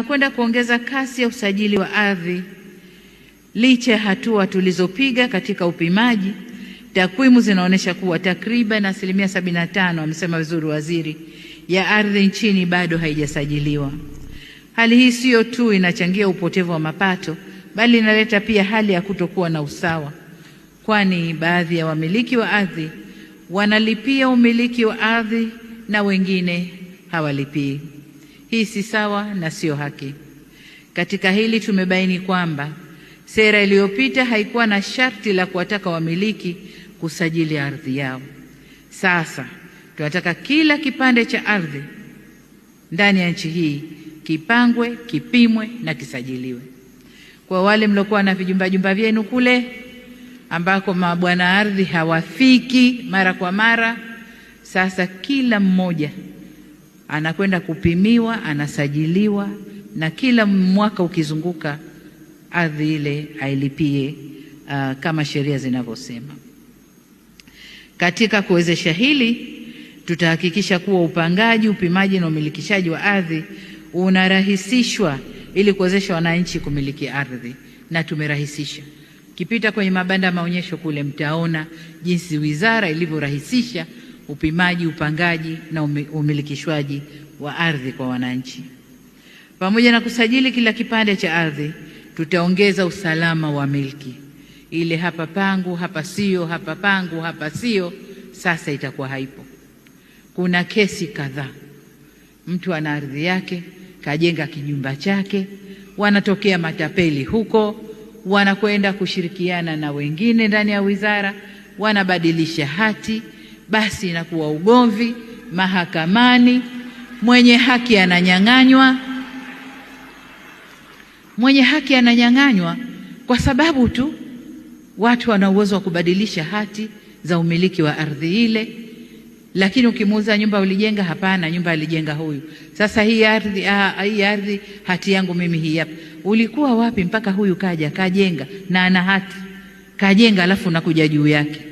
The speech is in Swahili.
Tunakwenda kuongeza kasi ya usajili wa ardhi. Licha ya hatua tulizopiga katika upimaji, takwimu zinaonyesha kuwa takriban asilimia 75, amesema vizuri waziri, ya ardhi nchini bado haijasajiliwa. Hali hii siyo tu inachangia upotevu wa mapato, bali inaleta pia hali ya kutokuwa na usawa, kwani baadhi ya wamiliki wa ardhi wanalipia umiliki wa ardhi na wengine hawalipii. Hii si sawa na sio haki. Katika hili tumebaini kwamba sera iliyopita haikuwa na sharti la kuwataka wamiliki kusajili ardhi yao. Sasa tunataka kila kipande cha ardhi ndani ya nchi hii kipangwe, kipimwe na kisajiliwe. Kwa wale mliokuwa na vijumba jumba vyenu kule ambako mabwana ardhi hawafiki mara kwa mara, sasa kila mmoja anakwenda kupimiwa, anasajiliwa, na kila mwaka ukizunguka ardhi ile ailipie uh, kama sheria zinavyosema. Katika kuwezesha hili, tutahakikisha kuwa upangaji, upimaji na umilikishaji wa ardhi unarahisishwa ili kuwezesha wananchi kumiliki ardhi, na tumerahisisha. Ukipita kwenye mabanda ya maonyesho kule, mtaona jinsi wizara ilivyorahisisha upimaji, upangaji na umilikishwaji wa ardhi kwa wananchi. Pamoja na kusajili kila kipande cha ardhi, tutaongeza usalama wa milki. Ile hapa pangu, hapa sio, hapa pangu, hapa sio, sasa itakuwa haipo. Kuna kesi kadhaa, mtu ana ardhi yake kajenga kinyumba chake, wanatokea matapeli huko, wanakwenda kushirikiana na wengine ndani ya wizara, wanabadilisha hati basi inakuwa ugomvi mahakamani, mwenye haki ananyang'anywa. Mwenye haki ananyang'anywa kwa sababu tu watu wana uwezo wa kubadilisha hati za umiliki wa ardhi ile, lakini ukimuuza nyumba ulijenga, hapana, nyumba alijenga huyu. Sasa hii ardhi, ah, hii ardhi hati yangu mimi hii hapa. Ulikuwa wapi mpaka huyu kaja kajenga na ana hati kajenga, alafu nakuja juu yake?